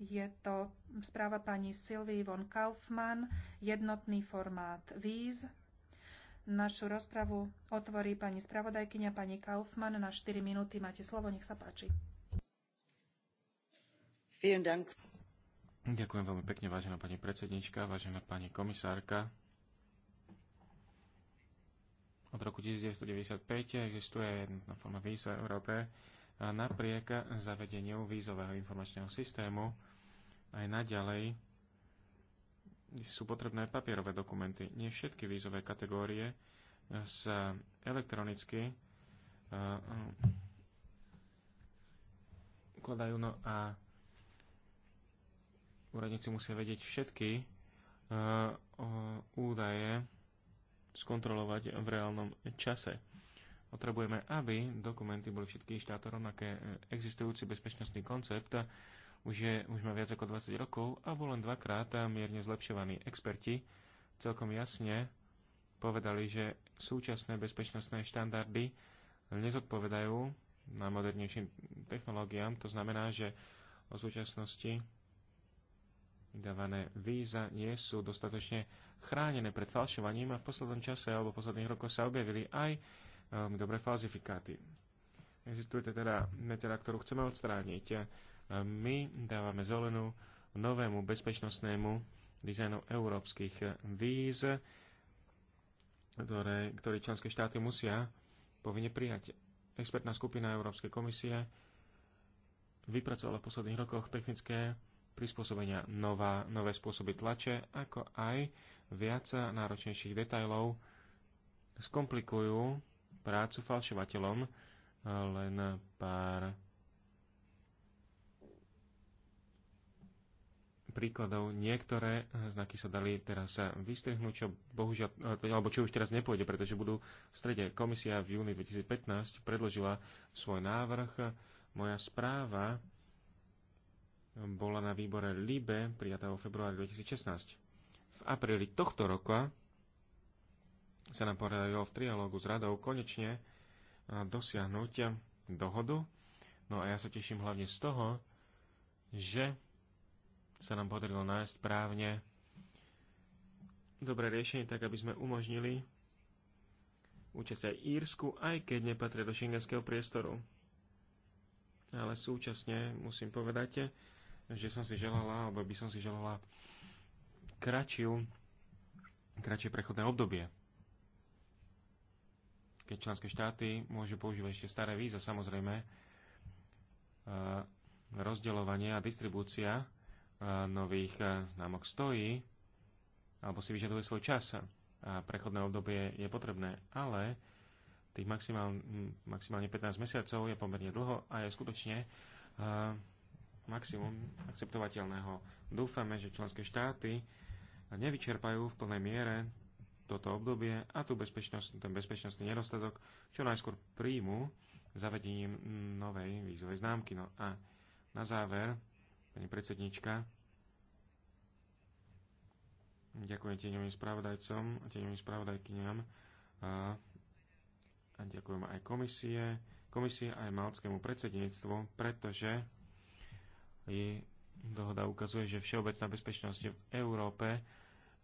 Je to správa pani Sylvie von Kaufmann, jednotný formát víz. Našu rozpravu otvorí pani spravodajkyňa, pani Kaufmann. Na 4 minúty máte slovo, nech sa páči. Ďakujem veľmi pekne, vážená pani predsednička, vážená pani komisárka. Od roku 1995 existuje jednotná forma víz v Európe. Napriek zavedeniu vízového informačného systému aj naďalej sú potrebné papierové dokumenty. Nie všetky vízové kategórie eh, sa elektronicky eh, eh, ukladajú. No a úradníci musia vedieť všetky údaje skontrolovať v reálnom čase. Potrebujeme, aby dokumenty boli všetkých štátov rovnaké. Existujúci bezpečnostný koncept už, je, už má viac ako 20 rokov a bol len dvakrát mierne zlepšovaní Experti celkom jasne povedali, že súčasné bezpečnostné štandardy nezodpovedajú na modernejším technológiám. To znamená, že o súčasnosti vydávané víza nie sú dostatočne chránené pred falšovaním a v poslednom čase alebo posledných rokoch sa objavili aj um, dobré falzifikáty. Existuje teda medzera, ktorú chceme odstrániť my dávame zelenú novému bezpečnostnému dizajnu európskych víz, ktoré, ktoré členské štáty musia povinne prijať. Expertná skupina Európskej komisie vypracovala v posledných rokoch technické prispôsobenia nová, nové spôsoby tlače, ako aj viac náročnejších detajlov skomplikujú prácu falšovateľom len pár príkladov. Niektoré znaky sa dali teraz vystrihnúť, čo bohužiaľ, alebo čo už teraz nepôjde, pretože budú v strede. Komisia v júni 2015 predložila svoj návrh. Moja správa bola na výbore LIBE prijatá vo februári 2016. V apríli tohto roka sa nám podarilo v trialógu s radou konečne dosiahnuť dohodu. No a ja sa teším hlavne z toho, že sa nám podarilo nájsť právne dobré riešenie, tak aby sme umožnili účasť aj Írsku, aj keď nepatria do šengenského priestoru. Ale súčasne musím povedať, že som si želala, alebo by som si želala kračiu, kratšie prechodné obdobie. Keď členské štáty môžu používať ešte staré víza, samozrejme, rozdeľovanie a distribúcia nových e, známok stojí, alebo si vyžaduje svoj čas a prechodné obdobie je potrebné, ale tých maximál, maximálne 15 mesiacov je pomerne dlho a je skutočne uh, maximum akceptovateľného. Dúfame, že členské štáty nevyčerpajú v plnej miere toto obdobie a tú bezpečnosť, ten bezpečnostný nedostatok čo najskôr príjmu zavedením novej vízovej známky. No a na záver pani predsednička. Ďakujem tieňovým spravodajcom a tieňovým spravodajkyňam a, a ďakujem aj komisie, komisie aj malckému predsedníctvu, pretože je, dohoda ukazuje, že všeobecná bezpečnosť v Európe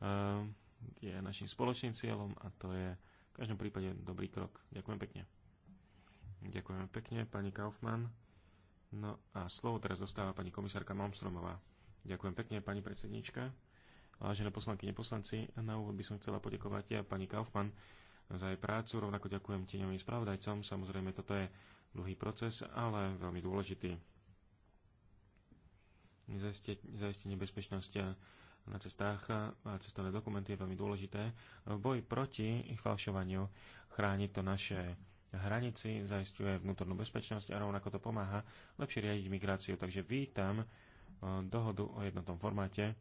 a, e, je našim spoločným cieľom a to je v každom prípade dobrý krok. Ďakujem pekne. Ďakujem pekne, pani Kaufmann. No a slovo teraz dostáva pani komisárka Malmstromová. Ďakujem pekne, pani predsednička. Vážené poslanky, neposlanci, na úvod by som chcela poďakovať ja pani Kaufmann za jej prácu, rovnako ďakujem tieňovým spravodajcom. Samozrejme, toto je dlhý proces, ale veľmi dôležitý. Zajistenie bezpečnosti na cestách a cestovné dokumenty je veľmi dôležité. V boji proti ich falšovaniu chráni to naše hranici, zaistuje vnútornú bezpečnosť a rovnako to pomáha lepšie riadiť migráciu. Takže vítam e, dohodu o jednotnom formáte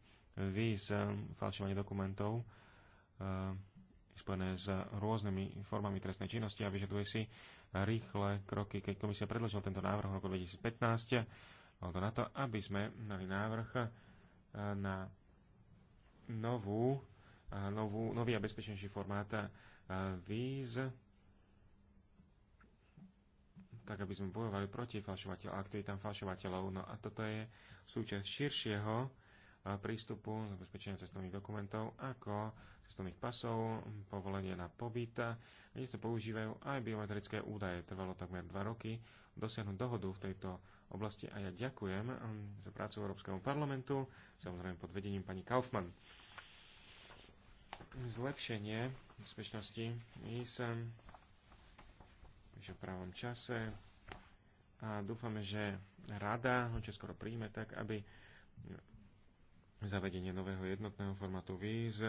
víz, e, falšovanie dokumentov e, spojené s rôznymi formami trestnej činnosti a vyžaduje si rýchle kroky. Keď komisia predložila tento návrh v roku 2015, na to, aby sme mali návrh na novú, novú, nový a bezpečnejší formát víz tak aby sme bojovali proti falšovateľom, aktivitám falšovateľov. No a toto je súčasť širšieho prístupu zabezpečenia cestovných dokumentov ako cestovných pasov, povolenie na pobyt, kde sa používajú aj biometrické údaje. Trvalo takmer 2 roky dosiahnuť dohodu v tejto oblasti a ja ďakujem za prácu Európskeho parlamentu, samozrejme pod vedením pani Kaufmann. Zlepšenie bezpečnosti ISM že v pravom čase. A dúfame, že rada ho čoskoro príjme tak, aby zavedenie nového jednotného formátu víz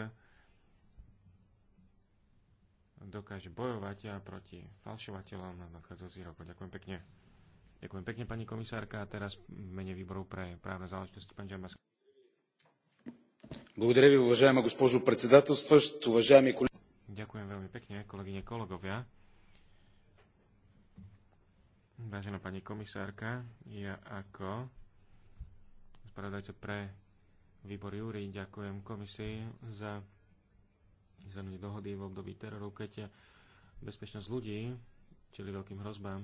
dokáže bojovať a proti falšovateľom na nadchádzajúci rok. Ďakujem pekne. Ďakujem pekne, pani komisárka. A teraz v mene výboru pre právne záležitosti, pán Džambas. Ďakujem veľmi pekne, kolegyne, kolegovia. Vážená pani komisárka, ja ako spravodajca pre výbor Júri ďakujem komisii za zelené dohody v období teroru, keď bezpečnosť ľudí čili veľkým hrozbám.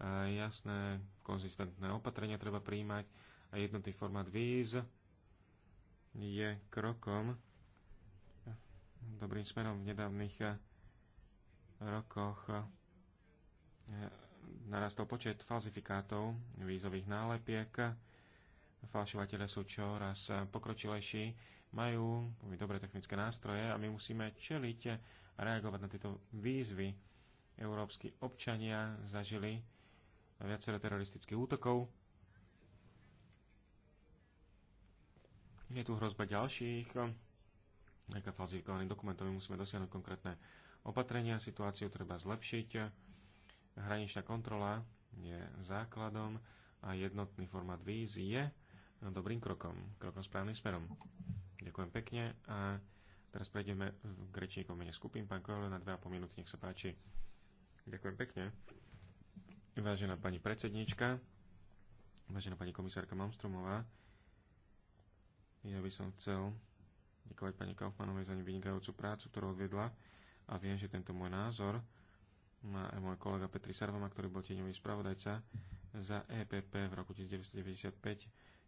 A jasné, konzistentné opatrenia treba príjmať a jednotný formát víz je krokom dobrým smerom v nedávnych rokoch narastol počet falzifikátov vízových nálepiek. Falšovateľe sú čoraz pokročilejší, majú veľmi dobré technické nástroje a my musíme čeliť a reagovať na tieto výzvy. Európsky občania zažili viacero teroristických útokov. Je tu hrozba ďalších nejaká falzifikovaných dokumentov. My musíme dosiahnuť konkrétne opatrenia, situáciu treba zlepšiť Hraničná kontrola je základom a jednotný format víz je dobrým krokom, krokom správnym smerom. Ďakujem pekne a teraz prejdeme k rečníkom mene skupín. Pán Kojole, na 2,5 minúty, nech sa páči. Ďakujem pekne. Vážená pani predsednička, vážená pani komisárka Mamstromová, ja by som chcel ďakovať pani Kaufmanovej za vynikajúcu prácu, ktorú odvedla a viem, že tento môj názor má no aj môj kolega Petri Sarvama, ktorý bol tieňový spravodajca za EPP v roku 1995,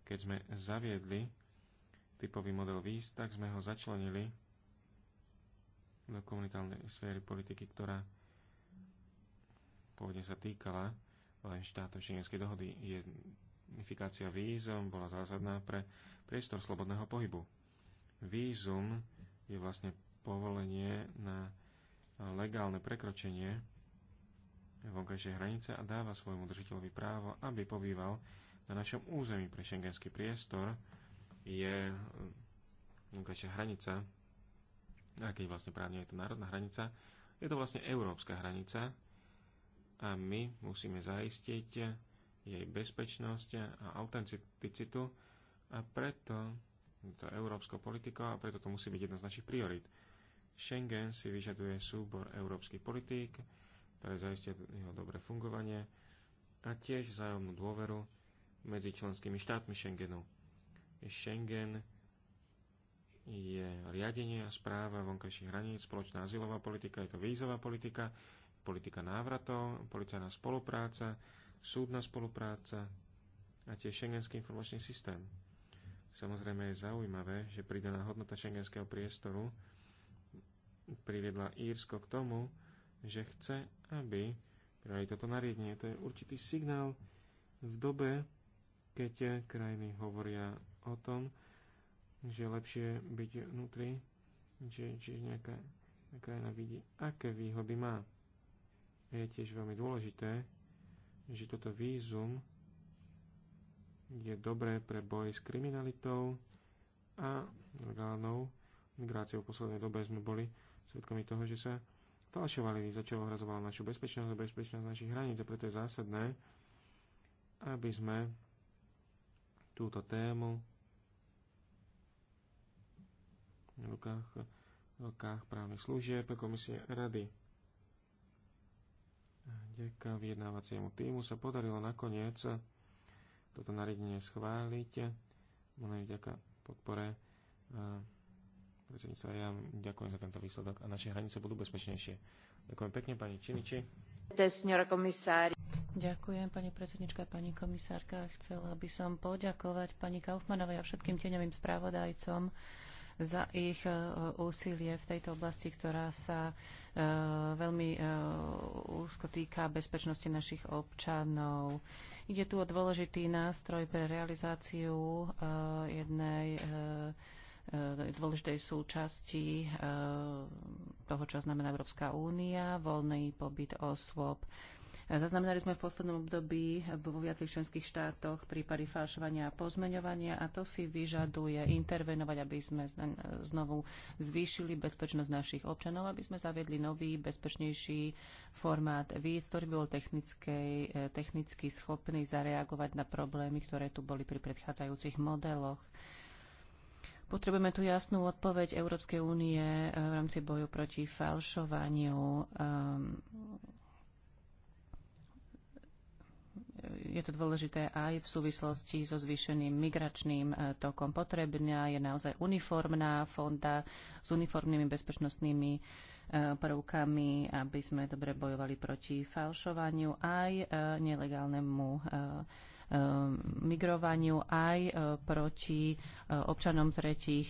keď sme zaviedli typový model výz, tak sme ho začlenili do komunitálnej sféry politiky, ktorá pôvodne sa týkala len štátov šengenskej dohody. Identifikácia vízom bola zásadná pre priestor slobodného pohybu. Vízum je vlastne povolenie na legálne prekročenie vonkajšie hranice a dáva svojmu držiteľovi právo, aby pobýval na našom území pre šengenský priestor je eh, vonkajšia hranica, a keď vlastne právne je to národná hranica, je to vlastne európska hranica a my musíme zaistiť jej bezpečnosť a autenticitu a preto je to európsko politiko a preto to musí byť jedna z našich priorit. Schengen si vyžaduje súbor európskych politík, ktoré zaistia jeho dobré fungovanie a tiež vzájomnú dôveru medzi členskými štátmi Schengenu. Schengen je riadenie a správa vonkajších hraníc, spoločná azylová politika, je to vízová politika, politika návratov, policajná spolupráca, súdna spolupráca a tiež šengenský informačný systém. Samozrejme je zaujímavé, že pridaná hodnota šengenského priestoru priviedla Írsko k tomu, že chce, aby prijali toto nariadenie. To je určitý signál v dobe, keď krajiny hovoria o tom, že lepšie byť vnútri, že, čiže nejaká krajina vidí, aké výhody má. Je tiež veľmi dôležité, že toto vízum je dobré pre boj s kriminalitou a legálnou migráciou. V poslednej dobe sme boli svedkami toho, že sa falšovali víza, čo ohrazovalo našu bezpečnosť a bezpečnosť našich hraníc. A preto je zásadné, aby sme túto tému v rukách, v rukách právnych služieb komisie rady. Ďaká vyjednávaciemu týmu sa podarilo nakoniec toto nariadenie schváliť. Mnohé vďaka podpore predsedníctva. Ja ďakujem za tento výsledok a naše hranice budú bezpečnejšie. Ďakujem pekne, pani Čimiči. Ďakujem, pani predsednička, pani komisárka. Chcela by som poďakovať pani Kaufmanovej a všetkým tieňovým správodajcom za ich e, úsilie v tejto oblasti, ktorá sa e, veľmi e, úzko týka bezpečnosti našich občanov. Ide tu o dôležitý nástroj pre realizáciu jednej E, dôležitej súčasti e, toho, čo znamená Európska únia, voľný pobyt osôb. E, zaznamenali sme v poslednom období vo viacerých členských štátoch prípady falšovania a pozmeňovania a to si vyžaduje intervenovať, aby sme znovu zvýšili bezpečnosť našich občanov, aby sme zaviedli nový, bezpečnejší formát víc, ktorý bol technicky schopný zareagovať na problémy, ktoré tu boli pri predchádzajúcich modeloch. Potrebujeme tu jasnú odpoveď Európskej únie eh, v rámci boju proti falšovaniu. Ehm, je to dôležité aj v súvislosti so zvýšeným migračným eh, tokom. Potrebná je naozaj uniformná fonda s uniformnými bezpečnostnými eh, prvkami, aby sme dobre bojovali proti falšovaniu aj nelegálnemu Eh, migrovaniu aj eh, proti eh, občanom tretích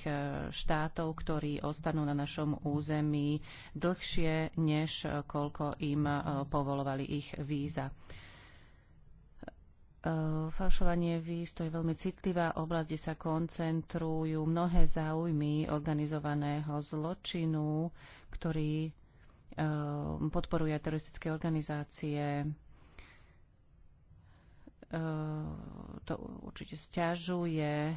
štátov, ktorí ostanú na našom území dlhšie, než koľko im povolovali ich víza falšovanie víz, to je veľmi citlivá oblasť, kde sa koncentrujú mnohé záujmy organizovaného zločinu, ktorý podporuje teroristické organizácie. Eh, to určite stiažuje eh,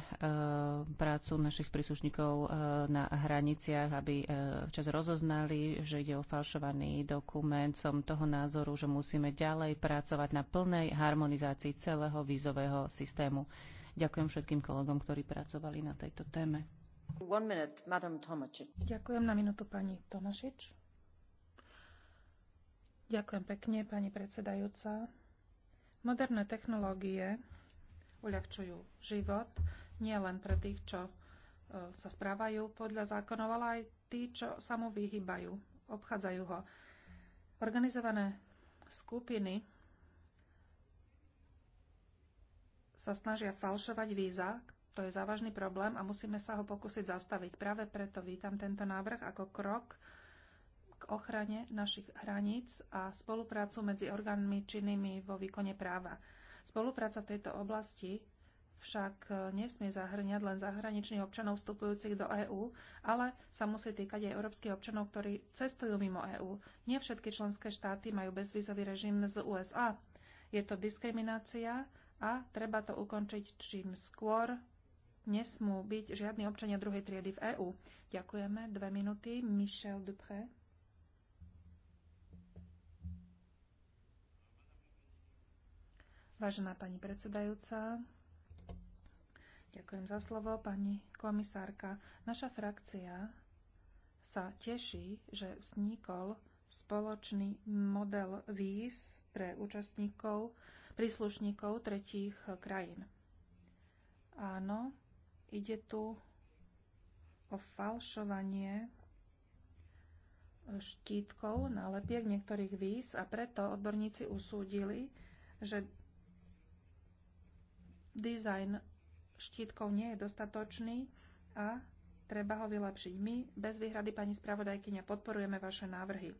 prácu našich príslušníkov eh, na hraniciach, aby včas rozoznali, že ide o falšovaný dokument. Som toho názoru, že musíme ďalej pracovať na plnej harmonizácii celého vízového systému. Ďakujem všetkým kolegom, ktorí pracovali na tejto téme. Minute, Ďakujem na minútu pani Tomašič. Ďakujem pekne, pani predsedajúca. Moderné technológie uľahčujú život nielen pre tých, čo e, sa správajú podľa zákonov, ale aj tí, čo sa mu vyhýbajú, obchádzajú ho. Organizované skupiny sa snažia falšovať víza, to je závažný problém a musíme sa ho pokúsiť zastaviť. Práve preto vítam tento návrh ako krok ochrane našich hraníc a spoluprácu medzi orgánmi činnými vo výkone práva. Spolupráca v tejto oblasti však e, nesmie zahrňať len zahraničných občanov vstupujúcich do EÚ, ale sa musí týkať aj európskych občanov, ktorí cestujú mimo EÚ. Nie všetky členské štáty majú bezvízový režim z USA. Je to diskriminácia a treba to ukončiť čím skôr. Nesmú byť žiadni občania druhej triedy v EÚ. Ďakujeme. Dve minúty. Michel Dupré. Vážená pani predsedajúca, ďakujem za slovo, pani komisárka. Naša frakcia sa teší, že vznikol spoločný model víz pre účastníkov, príslušníkov tretích krajín. Áno, ide tu o falšovanie štítkov, nálepiek niektorých víz a preto odborníci usúdili, že Dizajn štítkov nie je dostatočný a treba ho vylepšiť. My bez výhrady, pani spravodajkyňa, podporujeme vaše návrhy.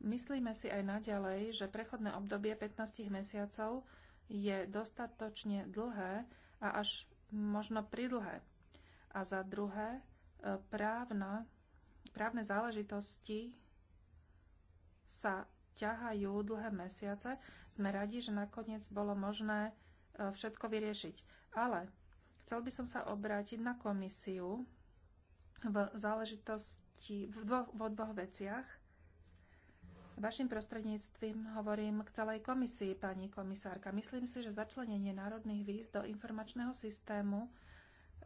Myslíme si aj naďalej, že prechodné obdobie 15 mesiacov je dostatočne dlhé a až možno pridlhé. A za druhé, e, právna, právne záležitosti sa ťahajú dlhé mesiace. Sme radi, že nakoniec bolo možné e, všetko vyriešiť. Ale chcel by som sa obrátiť na komisiu v záležitosti v dvoch, v dvoch veciach. Vašim prostredníctvím hovorím k celej komisii, pani komisárka. Myslím si, že začlenenie národných výz do informačného systému e,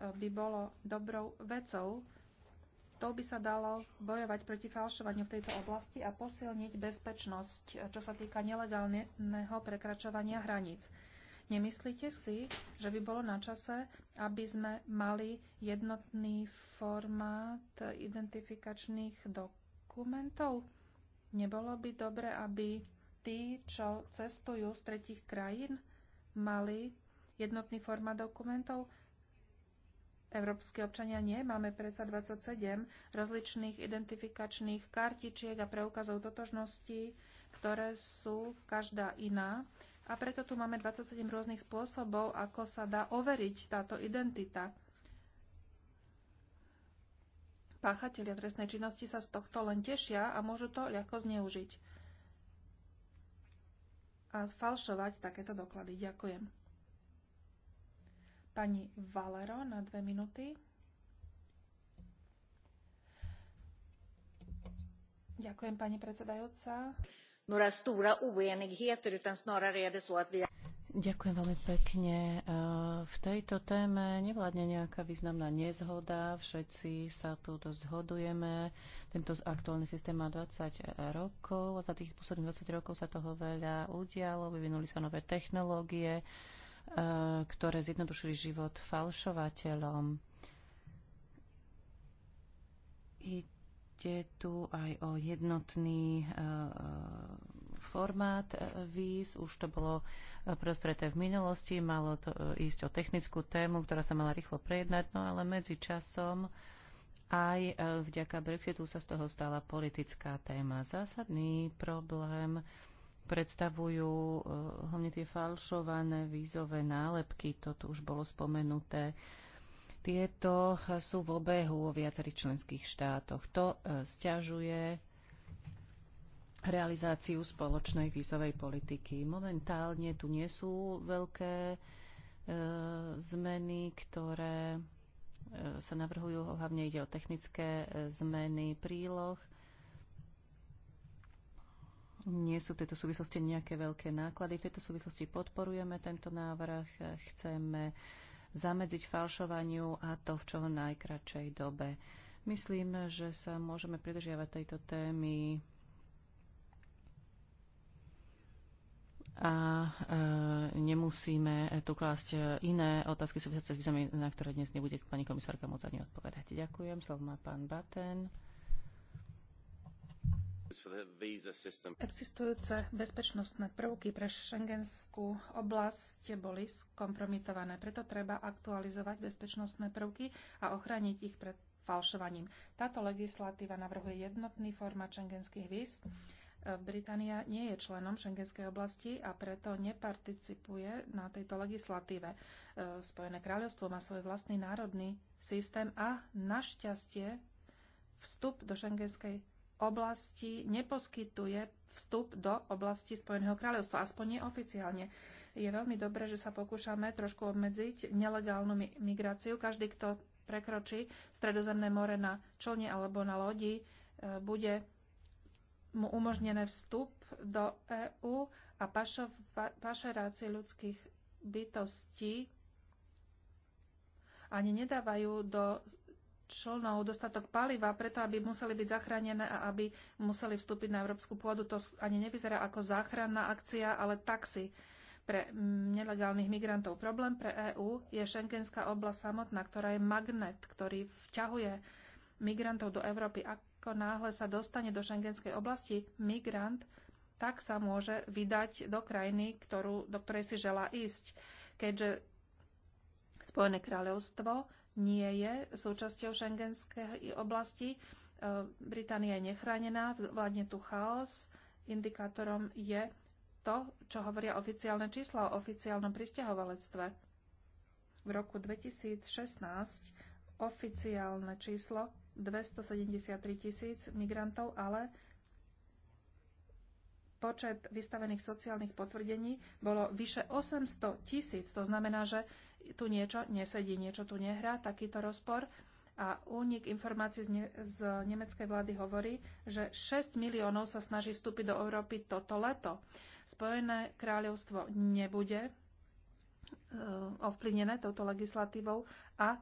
by bolo dobrou vecou, to by sa dalo bojovať proti falšovaniu v tejto oblasti a posilniť bezpečnosť, čo sa týka nelegálneho prekračovania hraníc. Nemyslíte si, že by bolo na čase, aby sme mali jednotný formát identifikačných dokumentov? Nebolo by dobre, aby tí, čo cestujú z tretich krajín, mali jednotný formát dokumentov? Európsky občania nie. Máme predsa 27 rozličných identifikačných kartičiek a preukazov totožnosti, ktoré sú každá iná. A preto tu máme 27 rôznych spôsobov, ako sa dá overiť táto identita. Páchatelia trestnej činnosti sa z tohto len tešia a môžu to ľahko zneužiť a falšovať takéto doklady. Ďakujem. Pani Valero na dve minúty. Ďakujem, pani predsedajúca. Ďakujem veľmi pekne. E, v tejto téme nevládne nejaká významná nezhoda. Všetci sa tu zhodujeme. Tento aktuálny systém má 20 rokov a za tých posledných 20 rokov sa toho veľa udialo. Vyvinuli sa nové technológie Eh, ktoré zjednodušili život falšovateľom. Ide tu aj o jednotný eh, formát eh, víz. Už to bolo prostreté v minulosti. Malo to ísť o technickú tému, ktorá sa mala rýchlo prejednať, no ale medzi časom aj vďaka Brexitu sa z toho stala politická téma. Zásadný problém predstavujú e, hlavne tie falšované vízové nálepky, to tu už bolo spomenuté. Tieto sú v obehu vo viacerých členských štátoch. To e, stiažuje realizáciu spoločnej vízovej politiky. Momentálne tu nie sú veľké e, zmeny, ktoré e, sa navrhujú, hlavne ide o technické e, zmeny príloh nie sú v tejto súvislosti nejaké veľké náklady. V tejto súvislosti podporujeme tento návrh. Chceme zamedziť falšovaniu a to v čo najkračej dobe. Myslím, že sa môžeme pridržiavať tejto témy a e, nemusíme tu klásť iné otázky súvisiace s vízami, na ktoré dnes nebude pani komisárka môcť ani odpovedať. Ďakujem. Slovo má pán Baten. Existujúce bezpečnostné prvky pre šengenskú oblasť boli skompromitované, preto treba aktualizovať bezpečnostné prvky a ochrániť ich pred falšovaním. Táto legislatíva navrhuje jednotný formát šengenských víz. E, Británia nie je členom šengenskej oblasti a preto neparticipuje na tejto legislatíve. E, Spojené kráľovstvo má svoj vlastný národný systém a našťastie vstup do šengenskej oblasti neposkytuje vstup do oblasti Spojeného kráľovstva, aspoň neoficiálne. Je veľmi dobré, že sa pokúšame trošku obmedziť nelegálnu migráciu. Každý, kto prekročí Stredozemné more na člne alebo na lodi, e, bude mu umožnené vstup do EÚ a pašo, pa, pašeráci ľudských bytostí ani nedávajú do člnov dostatok paliva, preto aby museli byť zachránené a aby museli vstúpiť na európsku pôdu. To ani nevyzerá ako záchranná akcia, ale taxi pre nelegálnych migrantov. Problém pre EÚ je šengenská oblasť samotná, ktorá je magnet, ktorý vťahuje migrantov do Európy. Ako náhle sa dostane do šengenskej oblasti migrant, tak sa môže vydať do krajiny, ktorú, do ktorej si želá ísť. Keďže Spojené kráľovstvo nie je súčasťou šengenskej oblasti. E, Británia je nechránená, vládne tu chaos. Indikátorom je to, čo hovoria oficiálne čísla o oficiálnom pristahovalectve. V roku 2016 oficiálne číslo 273 tisíc migrantov, ale počet vystavených sociálnych potvrdení bolo vyše 800 tisíc. To znamená, že tu niečo nesedí, niečo tu nehrá, takýto rozpor. A únik informácií z, ne- z nemeckej vlády hovorí, že 6 miliónov sa snaží vstúpiť do Európy toto leto. Spojené kráľovstvo nebude e, ovplyvnené touto legislatívou a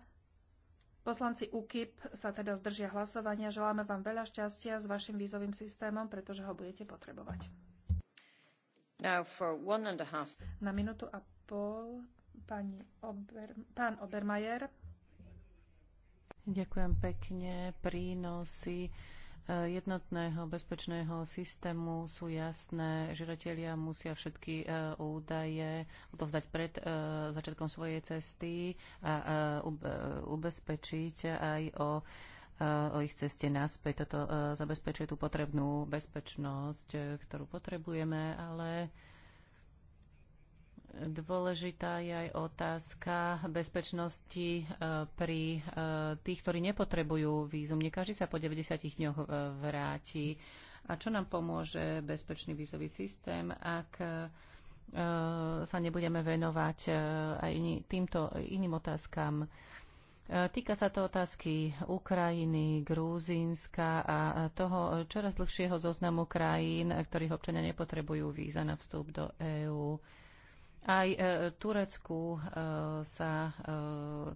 Poslanci UKIP sa teda zdržia hlasovania. Želáme vám veľa šťastia s vašim vízovým systémom, pretože ho budete potrebovať. Na minútu a pol pani Ober, pán Obermajer. Ďakujem pekne. Prínosy e, jednotného bezpečného systému sú jasné. Žiadatelia musia všetky e, údaje odovzdať pred e, začiatkom svojej cesty a ubezpečiť aj o o ich ceste naspäť. Toto zabezpečuje tú potrebnú bezpečnosť, ktorú potrebujeme, ale Dôležitá je aj otázka bezpečnosti e, pri e, tých, ktorí nepotrebujú vízum. Nie každý sa po 90 dňoch e, vráti. A čo nám pomôže bezpečný vízový systém, ak sa nebudeme venovať aj týmto iným otázkam? Týka sa to otázky Ukrajiny, Grúzinska a toho čoraz dlhšieho zoznamu krajín, ktorých občania nepotrebujú víza na vstup do EÚ. Aj e, Turecku e, sa e,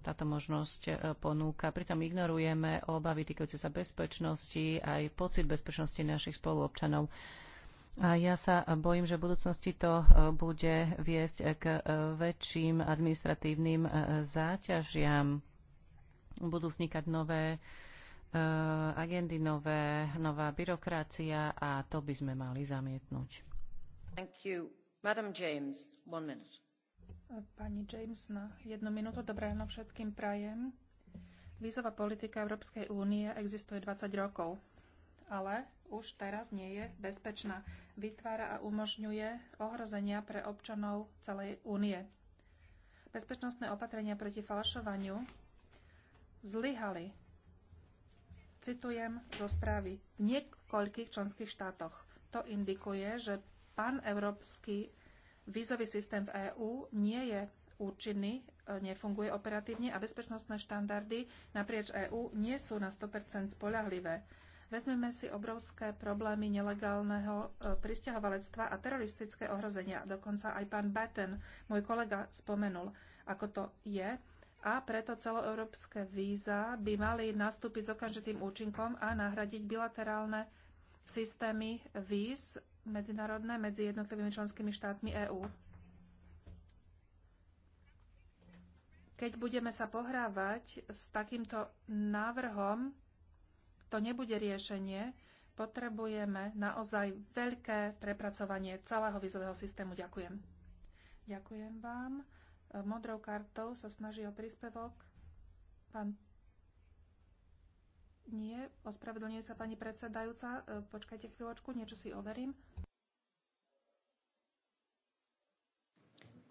táto možnosť ponúka. Pritom ignorujeme obavy týkajúce sa bezpečnosti, aj pocit bezpečnosti našich spoluobčanov. A ja sa bojím, že v budúcnosti to bude viesť k väčším administratívnym záťažiam. Budú vznikať nové agendy, nové, nová byrokracia a to by sme mali zamietnúť. Thank you. James, Pani James, na jednu minútu. všetkým prajem. Vízová politika Európskej únie existuje 20 rokov, ale už teraz nie je bezpečná. Vytvára a umožňuje ohrozenia pre občanov celej únie. Bezpečnostné opatrenia proti falšovaniu zlyhali. Citujem zo správy. V niekoľkých členských štátoch to indikuje, že paneurópsky vízový systém v EÚ nie je účinný, e, nefunguje operatívne a bezpečnostné štandardy naprieč EÚ nie sú na 100% spolahlivé. Vezmeme si obrovské problémy nelegálneho e, pristahovalectva a teroristické ohrozenia. Dokonca aj pán Batten, môj kolega, spomenul, ako to je. A preto celoeurópske víza by mali nastúpiť s okamžitým účinkom a nahradiť bilaterálne systémy víz medzinárodné medzi jednotlivými členskými štátmi EÚ. Keď budeme sa pohrávať s takýmto návrhom, to nebude riešenie. Potrebujeme naozaj veľké prepracovanie celého vizového systému. Ďakujem. Ďakujem vám. Modrou kartou sa snaží o príspevok pán nie, ospravedlňuje sa pani predsedajúca. Počkajte chvíľočku, niečo si overím.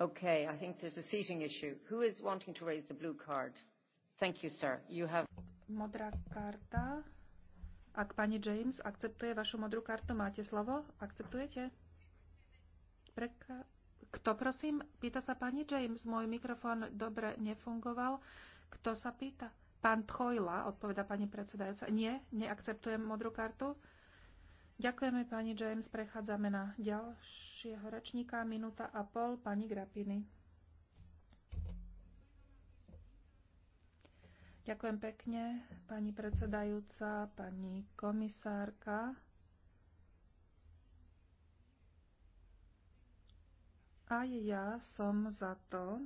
Okay, I think there's a seating issue. Who is wanting to raise the blue card? Thank you, sir. You have... Modrá karta. Ak pani James akceptuje vašu modrú kartu, máte slovo? Akceptujete? Preka... Kto prosím? Pýta sa pani James. Môj mikrofón dobre nefungoval. Kto sa pýta? Pán Tchojla, odpoveda pani predsedajúca. Nie, neakceptujem modrú kartu. Ďakujeme pani James. Prechádzame na ďalšieho rečníka. Minúta a pol. Pani Grapiny. Ďakujem pekne, pani predsedajúca, pani komisárka. Aj ja som za to,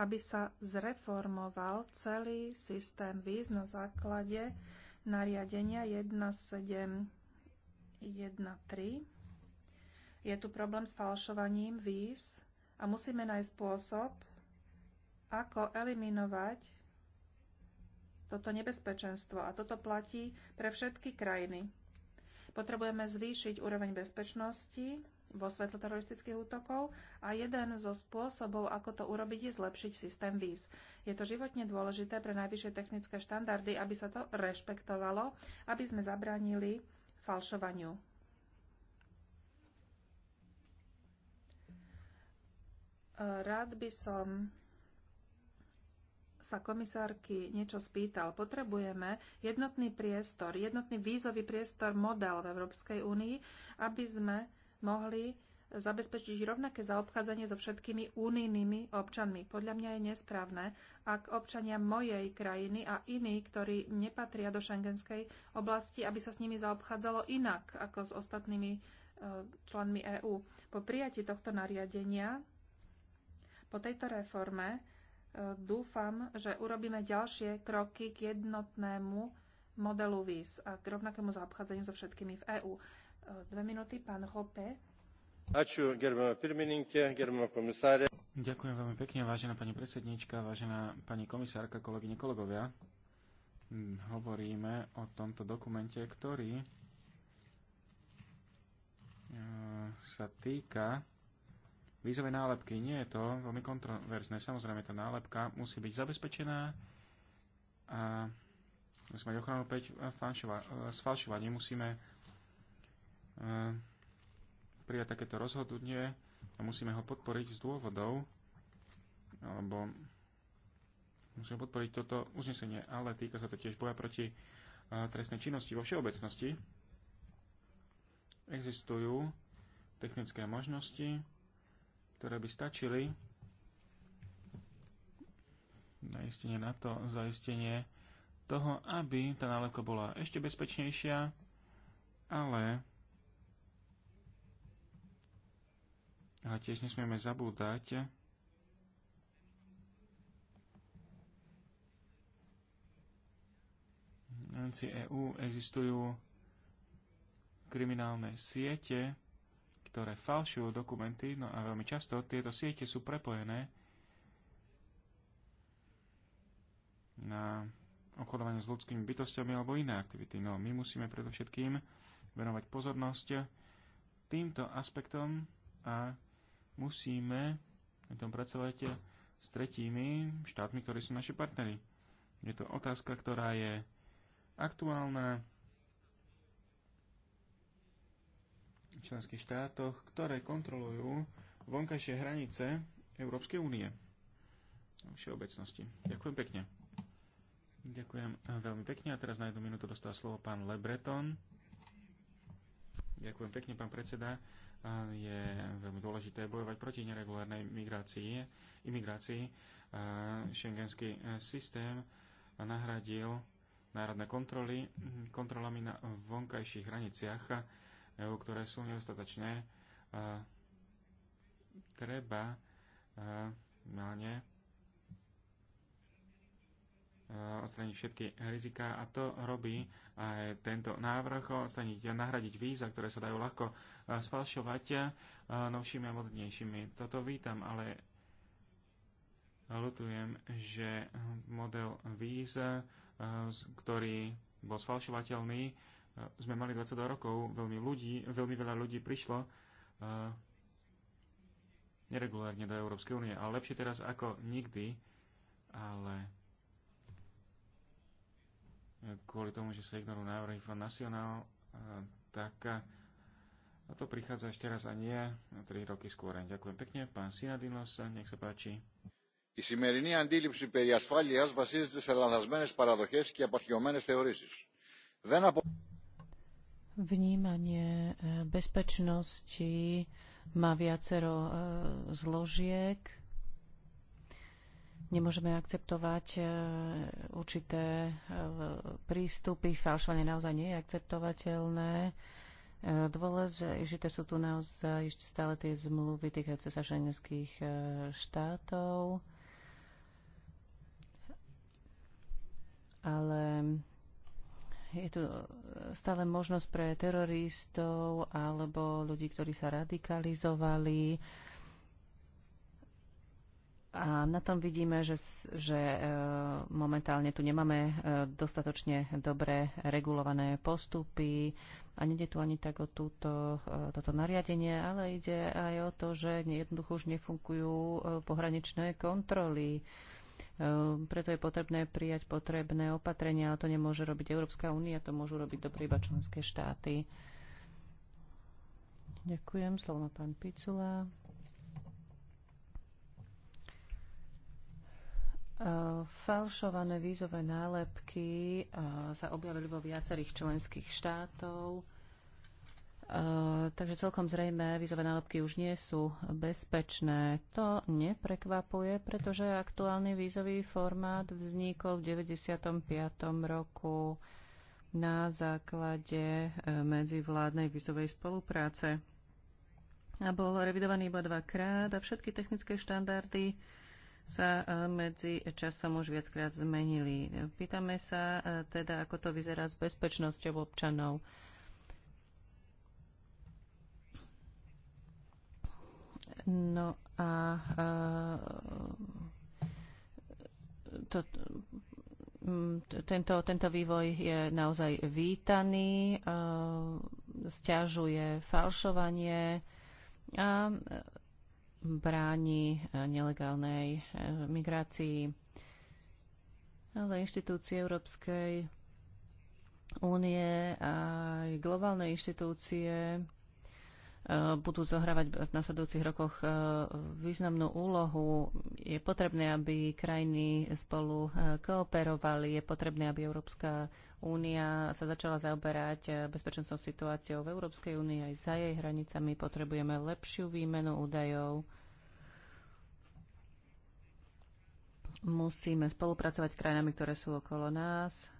aby sa zreformoval celý systém víz na základe nariadenia 1713. Je tu problém s falšovaním víz a musíme nájsť spôsob, ako eliminovať toto nebezpečenstvo. A toto platí pre všetky krajiny. Potrebujeme zvýšiť úroveň bezpečnosti vo svetle teroristických útokov a jeden zo spôsobov, ako to urobiť, je zlepšiť systém víz. Je to životne dôležité pre najvyššie technické štandardy, aby sa to rešpektovalo, aby sme zabránili falšovaniu. Rád by som sa komisárky niečo spýtal. Potrebujeme jednotný priestor, jednotný vízový priestor model v Európskej únii, aby sme mohli zabezpečiť rovnaké zaobchádzanie so všetkými unijnými občanmi. Podľa mňa je nesprávne, ak občania mojej krajiny a iní, ktorí nepatria do šengenskej oblasti, aby sa s nimi zaobchádzalo inak ako s ostatnými e, členmi EÚ. Po prijati tohto nariadenia, po tejto reforme, e, dúfam, že urobíme ďalšie kroky k jednotnému modelu víz a k rovnakému zaobchádzaniu so všetkými v EÚ. Dve minúty, pán Hope. Ďakujem veľmi pekne, vážená pani predsedníčka, vážená pani komisárka, kolegyne, kolegovia. Hm, hovoríme o tomto dokumente, ktorý eh, sa týka vízovej nálepky. Nie je to veľmi kontroverzné. Samozrejme, tá nálepka musí byť zabezpečená a musíme mať ochranu 5 eh, eh, sfalšovaním. Musíme prijať takéto rozhodnutie a musíme ho podporiť z dôvodov, alebo musíme podporiť toto uznesenie, ale týka sa to tiež boja proti trestnej činnosti vo všeobecnosti. Existujú technické možnosti, ktoré by stačili zaistenie na to, zaistenie toho, aby tá nálepka bola ešte bezpečnejšia, ale Ale tiež nesmieme zabúdať, v rámci EÚ existujú kriminálne siete, ktoré falšujú dokumenty, no a veľmi často tieto siete sú prepojené na obchodovanie s ľudskými bytostiami alebo iné aktivity. No my musíme predovšetkým venovať pozornosť týmto aspektom a musíme na tom pracovať s tretími štátmi, ktorí sú naši partneri. Je to otázka, ktorá je aktuálna v členských štátoch, ktoré kontrolujú vonkajšie hranice Európskej únie. všeobecnosti. Ďakujem pekne. Ďakujem veľmi pekne. A teraz na jednu minútu dostal slovo pán Lebreton. Ďakujem pekne, pán predseda je veľmi dôležité bojovať proti neregulárnej migrácii, imigrácii. Schengenský e, systém nahradil národné kontroly kontrolami na vonkajších hraniciach, e ktoré sú nedostatočné. Treba e, ne. Eh, odstraniť všetky rizika a to robí aj tento návrh, odstraniť a nahradiť víza, ktoré sa dajú ľahko eh, sfalšovať eh, novšími a modernejšími. Toto vítam, ale ľutujem, že model víza, ktorý bol sfalšovateľný, sme mali 22 rokov, veľmi, ľudí, veľmi veľa ľudí prišlo neregulárne do Európskej únie, ale lepšie teraz ako nikdy, ale kvôli tomu, že sa ignorujú návrhy Front National, e, tak e, a to prichádza ešte raz a nie 3 roky skôr. Ďakujem pekne. Pán Sinadinos, nech sa páči. Η σημερινή αντίληψη περί ασφάλειας βασίζεται σε λανθασμένες παραδοχές και απαρχιωμένες θεωρήσεις. Δεν απο... Vnímanie e, bezpečnosti má viacero zložiek, Nemôžeme akceptovať e, určité e, prístupy. Falšovanie naozaj nie je akceptovateľné. E, dôležité sú tu naozaj ešte stále tie zmluvy týkajúce sa šengenských štátov. Ale je tu stále možnosť pre teroristov alebo ľudí, ktorí sa radikalizovali a na tom vidíme, že, že e, momentálne tu nemáme e, dostatočne dobre regulované postupy a nede tu ani tak o túto, e, toto nariadenie, ale ide aj o to, že jednoducho už nefunkujú pohraničné kontroly. Preto je potrebné prijať potrebné opatrenia, ale to nemôže robiť Európska únia, to môžu robiť dobre iba členské štáty. Ďakujem, slovo má pán Picula. E, falšované vízové nálepky e, sa objavili vo viacerých členských štátov, e, takže celkom zrejme vízové nálepky už nie sú bezpečné. To neprekvapuje, pretože aktuálny vízový formát vznikol v 95. roku na základe medzivládnej vízovej spolupráce a bol revidovaný iba dvakrát a všetky technické štandardy sa e, medzi časom už viackrát zmenili. Pýtame sa e, teda, ako to vyzerá s bezpečnosťou občanov. No a, e, to, tento, tento vývoj je naozaj vítaný, stiažuje falšovanie a bráni eh, nelegálnej eh, migrácii. Ale inštitúcie Európskej únie a aj globálne inštitúcie Eh, budú zohrávať v nasledujúcich rokoch eh, významnú úlohu. Je potrebné, aby krajiny spolu eh, kooperovali, je potrebné, aby Európska únia sa začala zaoberať bezpečnostnou situáciou v Európskej únii aj za jej hranicami. Potrebujeme lepšiu výmenu údajov. Musíme spolupracovať s krajinami, ktoré sú okolo nás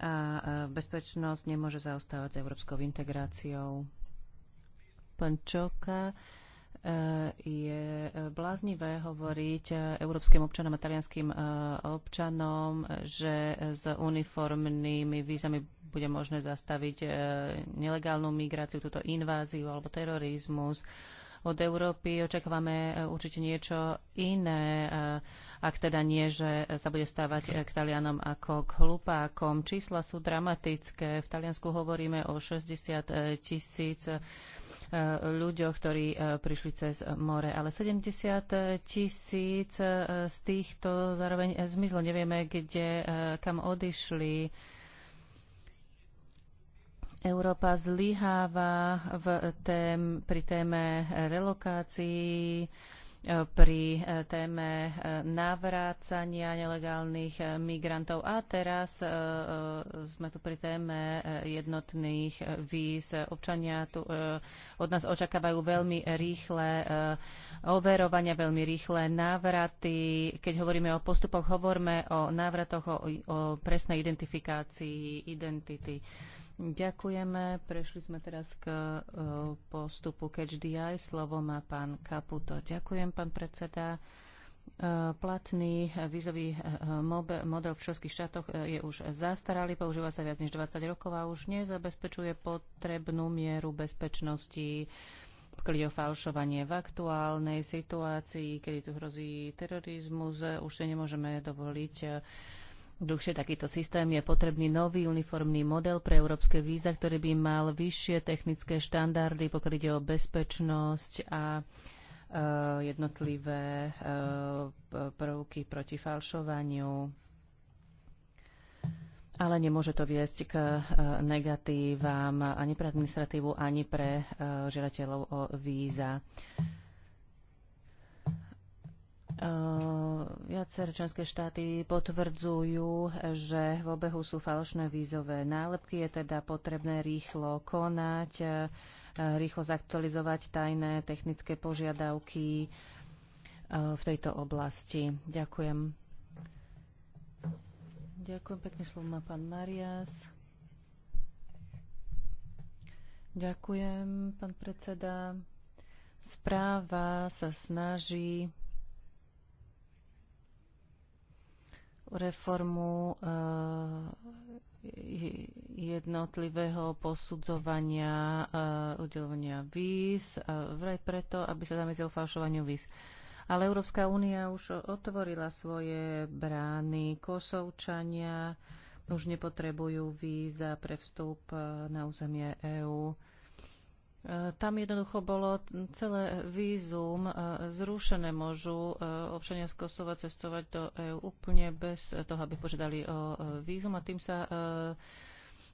a bezpečnosť nemôže zaostávať s európskou integráciou. Pán Čoka e, je bláznivé hovoriť európskym občanom a talianským e, občanom, že s uniformnými vízami bude možné zastaviť e, nelegálnu migráciu, túto inváziu alebo terorizmus od Európy očakávame e, určite niečo iné, e, ak teda nie, že sa bude stávať e, k Talianom ako k hlupákom. Čísla sú dramatické. V Taliansku hovoríme o 60 tisíc ľuďoch, ktorí prišli cez more. Ale 70 tisíc z týchto zároveň zmizlo. Nevieme, kde, kam odišli Európa zlyháva v tém, pri téme relokácií, pri eh, téme eh, navrácania nelegálnych eh, migrantov. A teraz sme tu pri téme jednotných víz. Občania tu od nás očakávajú veľmi rýchle overovania, veľmi rýchle návraty. Keď hovoríme o postupoch, hovorme o návratoch, o, o presnej identifikácii identity. Ďakujeme. Prešli sme teraz k e, postupu Catch Slovo má pán Kaputo. Ďakujem, pán predseda. E, platný vízový e, model v členských štátoch je už zastaralý, používa sa viac než 20 rokov a už nezabezpečuje potrebnú mieru bezpečnosti pokiaľ o falšovanie v aktuálnej situácii, kedy tu hrozí terorizmus, už si nemôžeme dovoliť dlhšie takýto systém, je potrebný nový uniformný model pre európske víza, ktorý by mal vyššie technické štandardy, pokiaľ ide o bezpečnosť a e, jednotlivé e, prvky proti falšovaniu. Ale nemôže to viesť k e, negatívam ani pre administratívu, ani pre žiadateľov o víza. Viaceré členské štáty potvrdzujú, že v obehu sú falošné vízové nálepky. Je teda potrebné rýchlo konať, e, rýchlo zaktualizovať tajné technické požiadavky e, v tejto oblasti. Ďakujem. Ďakujem pekne, slovo má pán Marias. Ďakujem, pán predseda. Správa sa snaží reformu eh, jednotlivého posudzovania eh, udelovania víz, eh, vraj preto, aby sa zamizil falšovaniu víz. Ale Európska únia už otvorila svoje brány. Kosovčania už nepotrebujú víza pre vstup na územie EÚ. E, tam jednoducho bolo celé vízum e, zrušené. Môžu e, občania z Kosova cestovať do EÚ úplne bez toho, aby požiadali o vízum a tým sa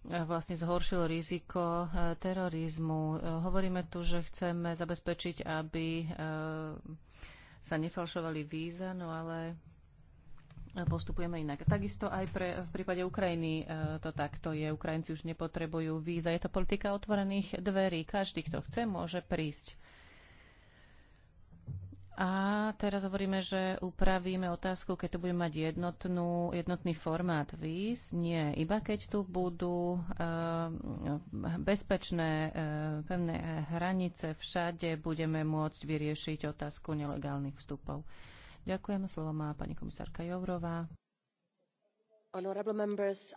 vlastne zhoršilo riziko terorizmu. Hovoríme tu, že chceme zabezpečiť, aby sa nefalšovali víza, no ale postupujeme inak. Takisto aj pre, v prípade Ukrajiny e, to takto je. Ukrajinci už nepotrebujú víza. Je to politika otvorených dverí. Každý, kto chce, môže prísť. A teraz hovoríme, že upravíme otázku, keď tu budeme mať jednotnú, jednotný formát víz. Nie, iba keď tu budú e, bezpečné e, pevné hranice všade, budeme môcť vyriešiť otázku nelegálnych vstupov. Ďakujem. Slovo má pani komisárka Jourová. Honorable members.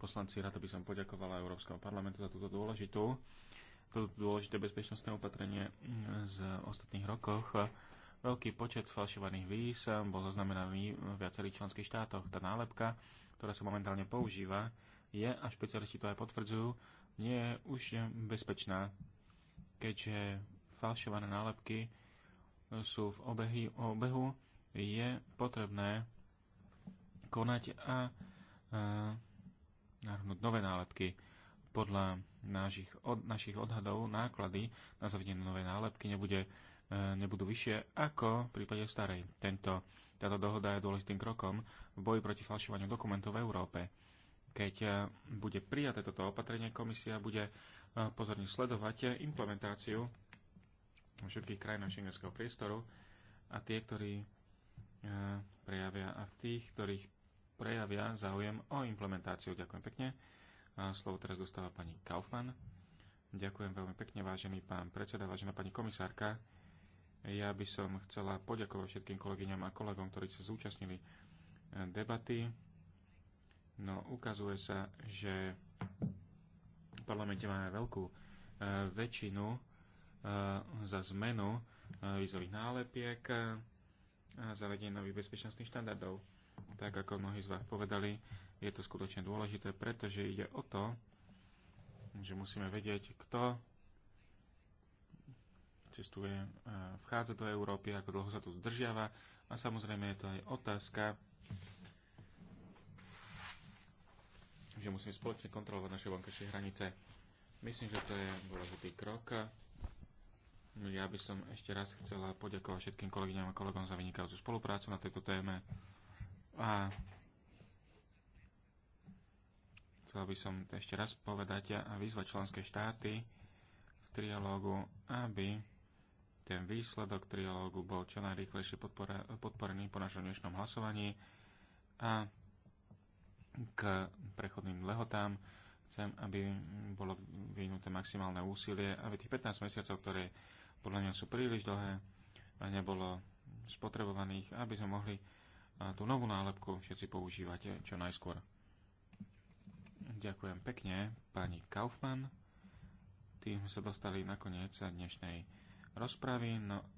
Poslanci, rád by som poďakovala Európskeho parlamentu za túto dôležitú, toto dôležité bezpečnostné opatrenie z ostatných rokoch. Veľký počet falšovaných víz bol zaznamenaný v viacerých členských štátoch. Tá nálepka, ktorá sa momentálne používa, je, a špecialisti to aj potvrdzujú, nie je už bezpečná, keďže falšované nálepky sú v obehy, obehu, je potrebné konať a, a nahrnúť nové nálepky. Podľa našich, od, našich odhadov náklady na zavedenie nové nálepky nebude, e, nebudú vyššie ako v prípade starej. Tento, táto dohoda je dôležitým krokom v boji proti falšovaniu dokumentov v Európe. Keď e, bude prijaté toto opatrenie, komisia bude e, pozorne sledovať e, implementáciu všetkých krajinách šengenského priestoru a tie, ktorí e, prejavia a v tých, ktorých prejavia záujem o implementáciu. Ďakujem pekne. A slovo teraz dostáva pani Kaufmann. Ďakujem veľmi pekne, vážený pán predseda, vážená pani komisárka. Ja by som chcela poďakovať všetkým kolegyňam a kolegom, ktorí sa zúčastnili e, debaty. No, ukazuje sa, že v parlamente máme veľkú e, väčšinu E, za zmenu e, vízových nálepiek e, a zavedenie nových bezpečnostných štandardov. Tak ako mnohí z vás povedali, je to skutočne dôležité, pretože ide o to, že musíme vedieť, kto cestuje, vchádza do Európy, ako dlho sa tu zdržiava a samozrejme je to aj otázka, že musíme spoločne kontrolovať naše vonkajšie hranice. Myslím, že to je dôležitý krok No, ja by som ešte raz chcela poďakovať všetkým kolegyňam a kolegom za vynikajúcu spoluprácu na tejto téme. A chcela by som ešte raz povedať a vyzvať členské štáty v trialógu, aby ten výsledok trialógu bol čo najrýchlejšie podporený po našom dnešnom hlasovaní a k prechodným lehotám chcem, aby bolo vyvinuté maximálne úsilie, aby tých 15 mesiacov, ktoré podľa mňa sú príliš dlhé a nebolo spotrebovaných, aby sme mohli tú novú nálepku všetci používať eh, čo najskôr. Ďakujem pekne pani Kaufmann. Tým sme sa dostali nakoniec dnešnej rozpravy. No